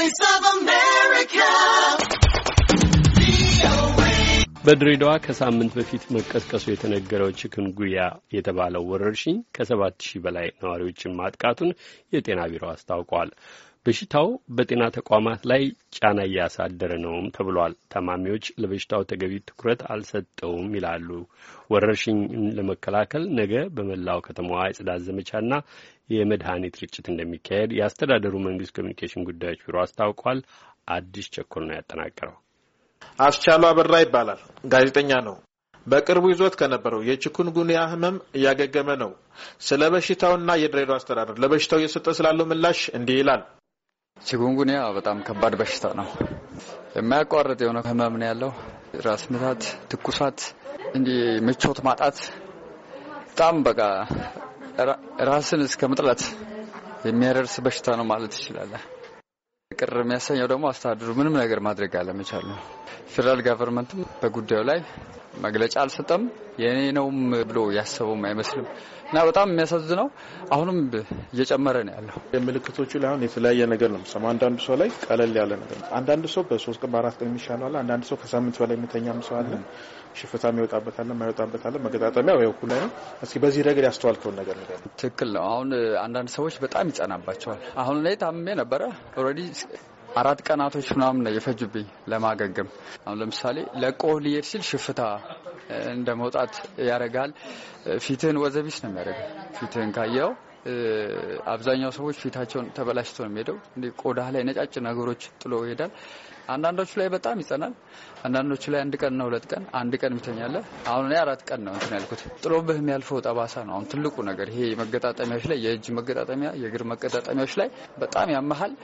Voice of America. በድሬዳዋ ከሳምንት በፊት መቀስቀሱ የተነገረው ችክንጉያ የተባለው ወረርሽኝ ከሰባት ሺህ በላይ ነዋሪዎችን ማጥቃቱን የጤና ቢሮ አስታውቋል። በሽታው በጤና ተቋማት ላይ ጫና እያሳደረ ነውም ተብሏል። ታማሚዎች ለበሽታው ተገቢ ትኩረት አልሰጠውም ይላሉ። ወረርሽኝን ለመከላከል ነገ በመላው ከተማዋ የጽዳት ዘመቻና የመድኃኒት ርጭት እንደሚካሄድ የአስተዳደሩ መንግስት ኮሚኒኬሽን ጉዳዮች ቢሮ አስታውቋል። አዲስ ቸኮል ነው ያጠናቀረው። አስቻሉ አበራ ይባላል። ጋዜጠኛ ነው። በቅርቡ ይዞት ከነበረው የቺኩንጉንያ ህመም እያገገመ ነው። ስለ በሽታውና የድሬዳዋ አስተዳደር ለበሽታው እየሰጠ ስላለው ምላሽ እንዲህ ይላል። ሲጉንጉንያ በጣም ከባድ በሽታ ነው። የማያቋርጥ የሆነ ህመም ነው ያለው። ራስ ምታት፣ ትኩሳት፣ እንዲህ ምቾት ማጣት፣ በጣም በቃ ራስን እስከ መጥላት የሚያደርስ በሽታ ነው ማለት ይችላለን። ቅር የሚያሰኘው ደግሞ አስተዳደሩ ምንም ነገር ማድረግ አለመቻል ነው። ፌደራል ጋቨርንመንትም በጉዳዩ ላይ መግለጫ አልሰጠም። የእኔ ነውም ብሎ ያሰበውም አይመስልም እና በጣም የሚያሳዝነው አሁንም እየጨመረ ነው ያለው። የምልክቶቹ ላይ አሁን የተለያየ ነገር ነው የምሰማው። አንዳንዱ ሰው ላይ ቀለል ያለ ነገር ነው። አንዳንድ ሰው በሶስት ቀን በአራት ቀን የሚሻለው አለ። አንዳንዱ ሰው ከሳምንት በላይ የሚተኛም ሰው አለ። ሽፍታም የሚወጣበት አለ፣ መገጣጠሚያ ወይ እኩል ላይ ነው። እስኪ በዚህ ረገድ ያስተዋልከውን ነገር ነገር ትክክል ነው። አሁን አንዳንድ ሰዎች በጣም ይጸናባቸዋል። አሁን ላይ ታምሜ ነበረ ኦልሬዲ አራት ቀናቶች ምናምን ነው የፈጅብኝ ለማገገም። አሁን ለምሳሌ ለቆ ሊሄድ ሲል ሽፍታ እንደ መውጣት ያደርጋል። ፊትህን ወዘቢስ ነው የሚያደርገው። ፊትህን ካየው አብዛኛው ሰዎች ፊታቸውን ተበላሽቶ ነው የሚሄደው። ቆዳ ላይ ነጫጭ ነገሮች ጥሎ ይሄዳል። አንዳንዶቹ ላይ በጣም ይጸናል። አንዳንዶቹ ላይ አንድ ቀን ነው ሁለት ቀን አንድ ቀን የሚተኛለ። አሁን እኔ አራት ቀን ነው እንትን ያልኩት። ጥሎብህ የሚያልፈው ጠባሳ ነው አሁን ትልቁ ነገር። ይሄ መገጣጠሚያዎች ላይ የእጅ መገጣጠሚያ፣ የእግር መገጣጠሚያዎች ላይ በጣም ያመሃል።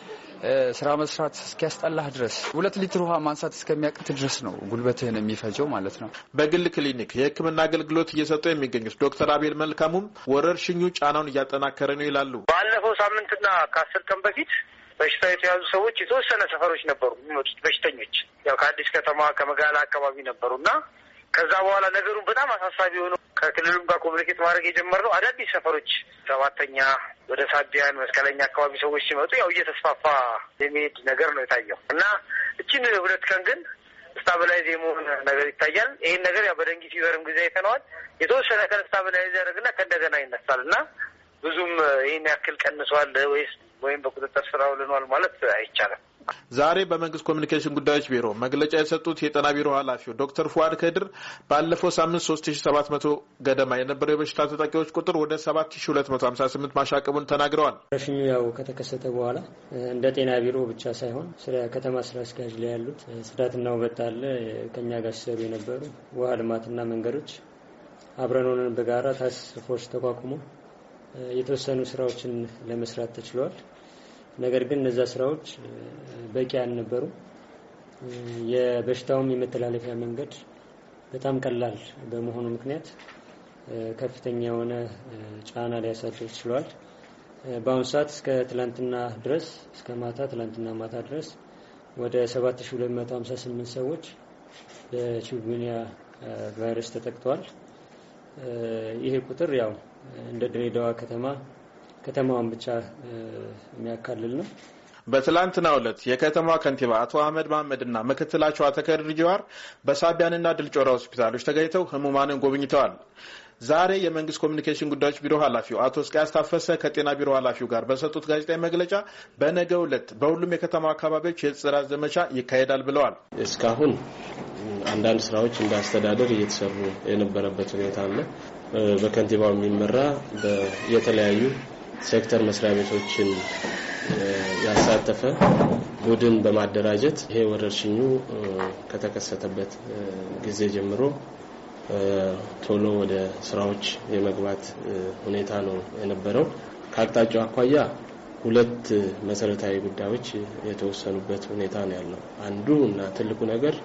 ስራ መስራት እስኪያስጠላህ ድረስ ሁለት ሊትር ውሃ ማንሳት እስከሚያቅት ድረስ ነው ጉልበትህን የሚፈጀው ማለት ነው። በግል ክሊኒክ የህክምና አገልግሎት እየሰጡ የሚገኙት ዶክተር አቤል መልካሙም ወረርሽኙ ጫናውን እያጠናከረ ነው ይላሉ። ባለፈው ሳምንትና ከአስር ቀን በፊት በሽታ የተያዙ ሰዎች የተወሰነ ሰፈሮች ነበሩ የሚመጡት በሽተኞች ያው ከአዲስ ከተማ ከመጋላ አካባቢ ነበሩ እና ከዛ በኋላ ነገሩን በጣም አሳሳቢ የሆነው ከክልሉም ጋር ኮሚኒኬት ማድረግ የጀመርነው አዳዲስ ሰፈሮች ሰባተኛ ወደ ሳቢያን መስቀለኛ አካባቢ ሰዎች ሲመጡ ያው እየተስፋፋ የሚሄድ ነገር ነው የታየው እና እችን ሁለት ቀን ግን ስታብላይዝ የመሆን ነገር ይታያል። ይህን ነገር ያው በደንጊ ፊቨርም ጊዜ አይተነዋል። የተወሰነ ቀን ስታብላይዝ ያደርግና ከእንደገና ይነሳል እና ብዙም ይህን ያክል ቀንሷል ወይስ ወይም በቁጥጥር ስራ አውለኗል ማለት አይቻልም። ዛሬ በመንግስት ኮሚኒኬሽን ጉዳዮች ቢሮ መግለጫ የሰጡት የጤና ቢሮ ኃላፊው ዶክተር ፉአድ ከድር ባለፈው ሳምንት መቶ ገደማ የነበረው የበሽታ ተጠቂዎች ቁጥር ወደ ስምንት ማሻቀቡን ተናግረዋል። ረሽኙ ያው ከተከሰተ በኋላ እንደ ጤና ቢሮ ብቻ ሳይሆን ስለ ከተማ ስራ አስኪያጅ ላይ ያሉት ጽዳትና ውበት አለ ከኛ ጋር ሲሰሩ የነበሩ ውሃ ልማትና መንገዶች አብረን ሆነን በጋራ ታስክ ፎርስ ተቋቁሞ የተወሰኑ ስራዎችን ለመስራት ተችሏል። ነገር ግን እነዛ ስራዎች በቂ አልነበሩ። የበሽታውም የመተላለፊያ መንገድ በጣም ቀላል በመሆኑ ምክንያት ከፍተኛ የሆነ ጫና ሊያሳድር ችሏል። በአሁኑ ሰዓት እስከ ትላንትና ድረስ እስከ ማታ ትላንትና ማታ ድረስ ወደ 7258 ሰዎች በቺኩንጉንያ ቫይረስ ተጠቅተዋል። ይሄ ቁጥር ያው እንደ ድሬዳዋ ከተማ ከተማዋን ብቻ የሚያካልል ነው። በትላንትና ዕለት የከተማ ከንቲባ አቶ አህመድ መሐመድና ምክትላቸው አተከር ጅዋር በሳቢያንና ድልጮራ ሆስፒታሎች ተገኝተው ህሙማንን ጎብኝተዋል። ዛሬ የመንግስት ኮሚኒኬሽን ጉዳዮች ቢሮ ኃላፊው አቶ እስቅያስ ታፈሰ ከጤና ቢሮ ኃላፊው ጋር በሰጡት ጋዜጣዊ መግለጫ በነገው ዕለት በሁሉም የከተማ አካባቢዎች የጽዳት ዘመቻ ይካሄዳል ብለዋል። እስካሁን አንዳንድ ስራዎች እንደ አስተዳደር እየተሰሩ የነበረበት ሁኔታ አለ። በከንቲባው የሚመራ የተለያዩ ሴክተር መስሪያ ቤቶችን ያሳተፈ ቡድን በማደራጀት ይሄ ወረርሽኙ ከተከሰተበት ጊዜ ጀምሮ ቶሎ ወደ ስራዎች የመግባት ሁኔታ ነው የነበረው። ከአቅጣጫው አኳያ ሁለት መሰረታዊ ጉዳዮች የተወሰኑበት ሁኔታ ነው ያለው። አንዱ እና ትልቁ ነገር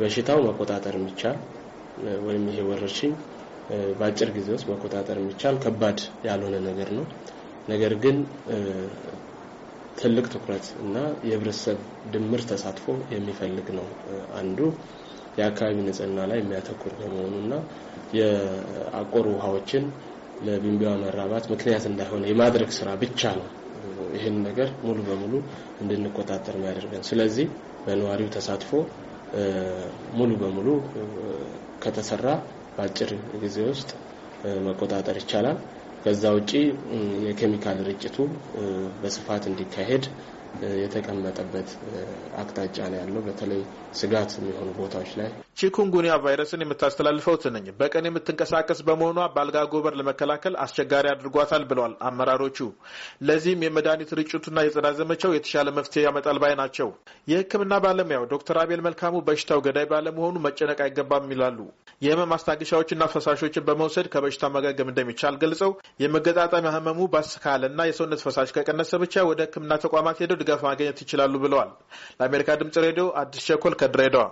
በሽታው መቆጣጠር የሚቻል ወይም ይሄ ወረርሽኝ በአጭር ጊዜ ውስጥ መቆጣጠር የሚቻል ከባድ ያልሆነ ነገር ነው። ነገር ግን ትልቅ ትኩረት እና የህብረተሰብ ድምር ተሳትፎ የሚፈልግ ነው። አንዱ የአካባቢ ንጽህና ላይ የሚያተኩር በመሆኑና የአቆር ውሃዎችን ለቢንቢዋ መራባት ምክንያት እንዳይሆነ የማድረግ ስራ ብቻ ነው ይህን ነገር ሙሉ በሙሉ እንድንቆጣጠር የሚያደርገን። ስለዚህ በነዋሪው ተሳትፎ ሙሉ በሙሉ ከተሰራ በአጭር ጊዜ ውስጥ መቆጣጠር ይቻላል። ከዛ ውጪ የኬሚካል ርጭቱ በስፋት እንዲካሄድ የተቀመጠበት አቅጣጫ ነው ያለው። በተለይ ስጋት የሚሆኑ ቦታዎች ላይ ቺኩንጉኒያ ቫይረስን የምታስተላልፈው ትንኝ በቀን የምትንቀሳቀስ በመሆኗ በአልጋ ጎበር ለመከላከል አስቸጋሪ አድርጓታል ብለዋል አመራሮቹ። ለዚህም የመድኃኒት ርጭቱና የጽዳት ዘመቻው የተሻለ መፍትሄ ያመጣል ባይ ናቸው። የሕክምና ባለሙያው ዶክተር አቤል መልካሙ በሽታው ገዳይ ባለመሆኑ መጨነቅ አይገባም ይላሉ። የህመም ማስታገሻዎችና ፈሳሾችን በመውሰድ ከበሽታ መገገም እንደሚቻል ገልጸው የመገጣጠሚያ ህመሙ ባስ የሰውነት ፈሳሽ ከቀነሰ ብቻ ወደ ሕክምና ተቋማት ሄደው ድጋፍ ማግኘት ይችላሉ ብለዋል። ለአሜሪካ ድምጽ ሬዲዮ አዲስ ሸኮል ከድሬዳዋ